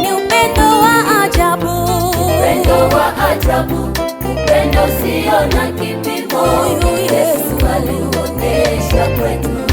ni upendo wa ajabu, upendo usio na kipimo Yesu aliuonesha kwetu.